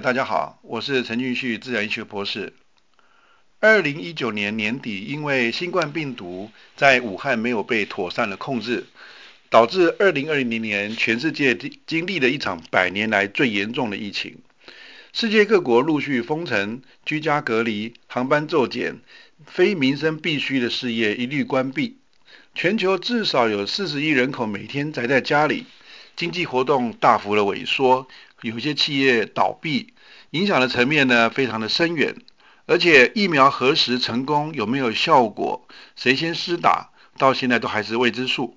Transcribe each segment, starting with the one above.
大家好，我是陳俊旭，自然醫學博士。二零一九年年底，因為新冠病毒在武漢沒有被妥善的控制，導致二零二零年全世界經歷了一場百年來最嚴重的疫情。世界各國陸續封城、居家隔離、航班驟減、非民生必需的事業一律關閉，全球至少有四十億人口每天宅在家裡。經濟活動大幅的萎縮，有些企業倒閉，影響的層面呢非常的深遠。而且疫苗何時成功、有沒有效果、誰先施打，到現在都還是未知數。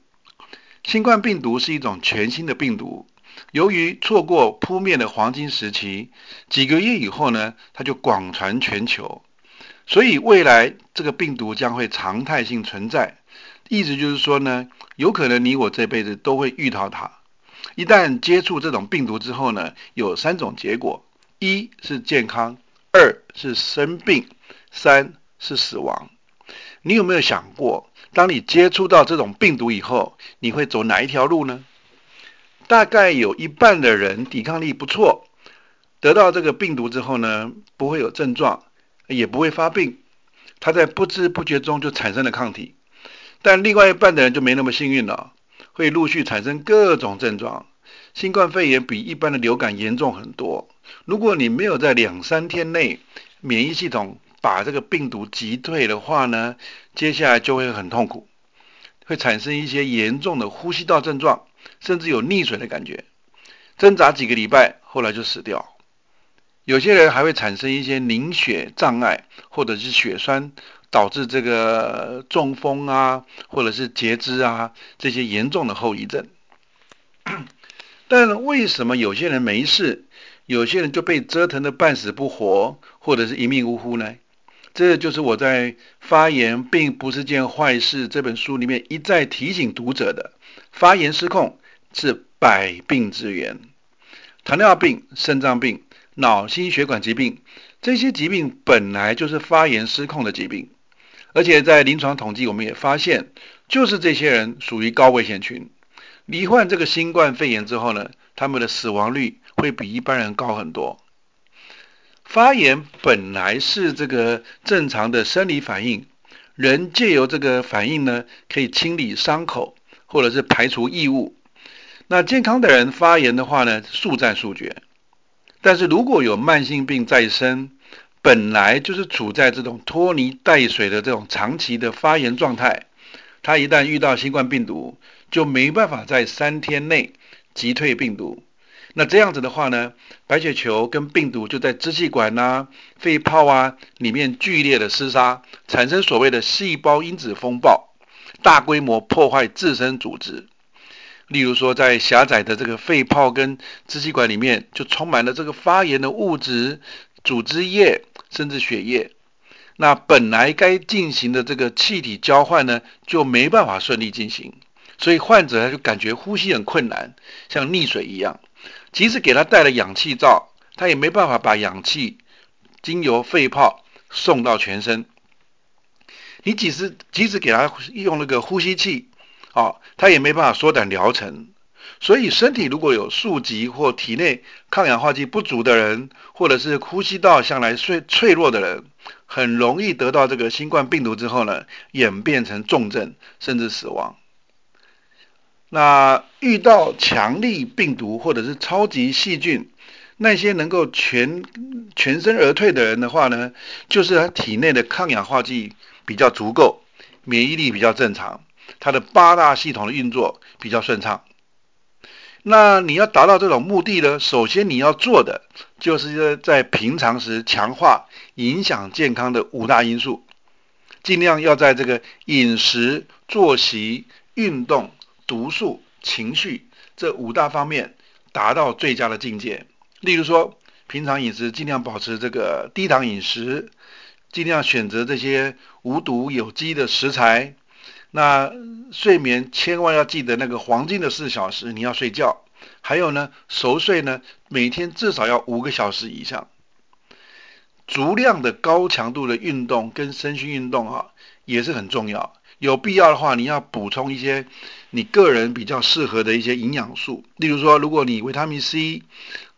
新冠病毒是一種全新的病毒，由於錯過撲滅的黃金時期，幾個月以後呢，它就廣傳全球。所以未來這個病毒將會常態性存在，意思就是說呢，有可能你我這輩子都會遇到它。一旦接觸這種病毒之後呢，有三種結果：一是健康，二是生病，三是死亡。你有沒有想過，當你接觸到這種病毒以後，你會走哪一條路呢？大概有一半的人抵抗力不錯，得到這個病毒之後呢，不會有症狀，也不會發病，他在不知不覺中就產生了抗體。但另外一半的人就沒那麼幸運了。會陸續產生各種症狀。新冠肺炎比一般的流感嚴重很多。如果你沒有在兩三天內免疫系統把這個病毒擊退的話呢，接下來就會很痛苦，會產生一些嚴重的呼吸道症狀，甚至有溺水的感覺，掙扎幾個禮拜，後來就死掉。有些人還會產生一些凝血障礙，或者是血栓。導致這個中風啊，或者是截肢啊，這些嚴重的後遺症。但為什麼有些人沒事，有些人就被折騰得半死不活，或者是一命嗚呼呢？這就是我在《發炎並不是件壞事》這本書裡面一再提醒讀者的：發炎失控是百病之源。糖尿病、腎臟病、腦心血管疾病，這些疾病本來就是發炎失控的疾病。而且在臨床統計，我們也發現，就是這些人屬於高危險群。罹患這個新冠肺炎之後呢，他們的死亡率會比一般人高很多。發炎本來是這個正常的生理反應，人借由這個反應呢，可以清理傷口或者是排除異物。那健康的人發炎的話呢，速戰速決。但是如果有慢性病在身，本來就是處在這種拖泥帶水的這種長期的發炎狀態，它一旦遇到新冠病毒，就沒辦法在三天內擊退病毒。那這樣子的話呢，白血球跟病毒就在支氣管吶、啊、肺泡啊裡面劇烈的廝殺，產生所謂的細胞因子風暴，大規模破壞自身組織。例如說，在狹窄的這個肺泡跟支氣管裡面，就充滿了這個發炎的物質、組織液。甚至血液，那本來該進行的這個氣體交換呢，就沒辦法順利進行，所以患者他就感覺呼吸很困難，像溺水一樣。即使給他戴了氧氣罩，他也沒辦法把氧氣經由肺泡送到全身。你即使即使給他用那個呼吸器啊、哦，他也沒辦法縮短療程。所以，身體如果有宿疾或體內抗氧化劑不足的人，或者是呼吸道向來脆脆弱的人，很容易得到這個新冠病毒之後呢，演變成重症甚至死亡。那遇到強力病毒或者是超級細菌，那些能夠全全身而退的人的話呢，就是他體內的抗氧化劑比較足夠，免疫力比較正常，他的八大系統的運作比較順暢。那你要達到這種目的呢，首先你要做的就是在平常時強化影響健康的五大因素，盡量要在這個飲食、作息、運動、毒素、情緒這五大方面達到最佳的境界。例如說，平常飲食盡量保持這個低糖飲食，盡量選擇這些無毒有機的食材。那睡眠千萬要記得，那個黃金的四小時你要睡覺，還有呢熟睡呢每天至少要五個小時以上，足量的高強度的運動跟身心運動啊，也是很重要，有必要的話你要補充一些你個人比較適合的一些營養素，例如說如果你維他命 C、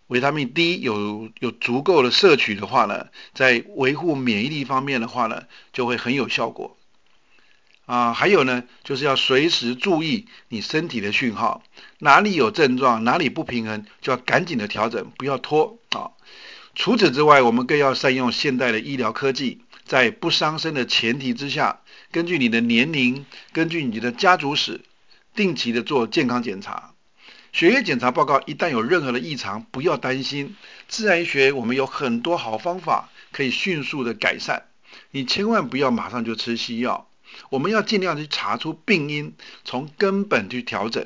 維他命 D 有有足夠的攝取的話呢，在維護免疫力方面的話呢就會很有效果。啊，還有呢，就是要隨時注意你身體的訊號，哪裡有症狀，哪裡不平衡，就要趕緊的調整，不要拖。啊。除此之外，我們更要善用現代的醫療科技，在不傷身的前提之下，根據你的年齡，根據你的家族史，定期的做健康檢查，血液檢查報告一旦有任何的異常，不要擔心，自然醫學我們有很多好方法可以迅速的改善，你千萬不要馬上就吃西藥。我們要盡量去查出病因，從根本去調整。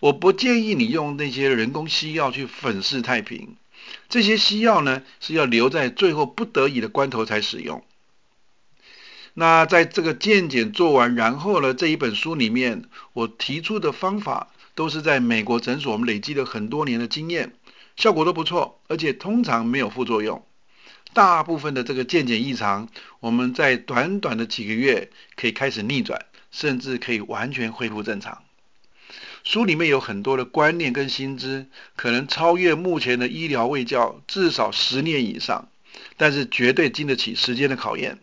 我不建議你用那些人工西藥去粉飾太平，這些西藥呢，是要留在最後不得已的關頭才使用。那在這個健檢做完，然後呢？這一本書裡面，我提出的方法都是在美國診所我們累積了很多年的經驗，效果都不錯，而且通常沒有副作用。大部分的這個健檢異常，我們在短短的幾個月可以開始逆轉，甚至可以完全恢復正常。書裡面有很多的觀念跟新知，可能超越目前的醫療衛教至少十年以上，但是絕對經得起時間的考驗。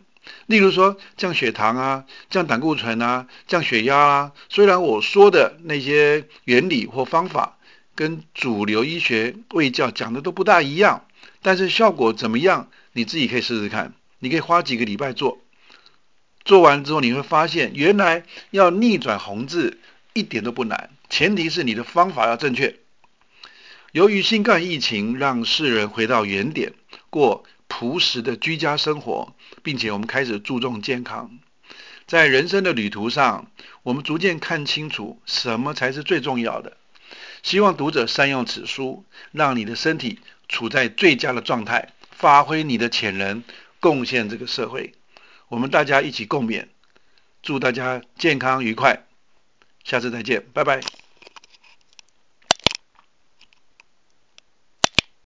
例如說降血糖啊、降膽固醇啊、降血壓啊，雖然我說的那些原理或方法跟主流醫學衛教講的都不大一樣，但是效果怎麼樣？你自己可以試試看，你可以花幾個禮拜做，做完之後你會發現，原來要逆轉紅字一點都不難，前提是你的方法要正確。由於新冠疫情，讓世人回到原點，過樸實的居家生活，並且我們開始注重健康。在人生的旅途上，我們逐漸看清楚什麼才是最重要的。希望讀者善用此書，讓你的身體處在最佳的狀態。發揮你的潛能，貢獻這個社會。我們大家一起共勉，祝大家健康愉快。下次再見，拜拜。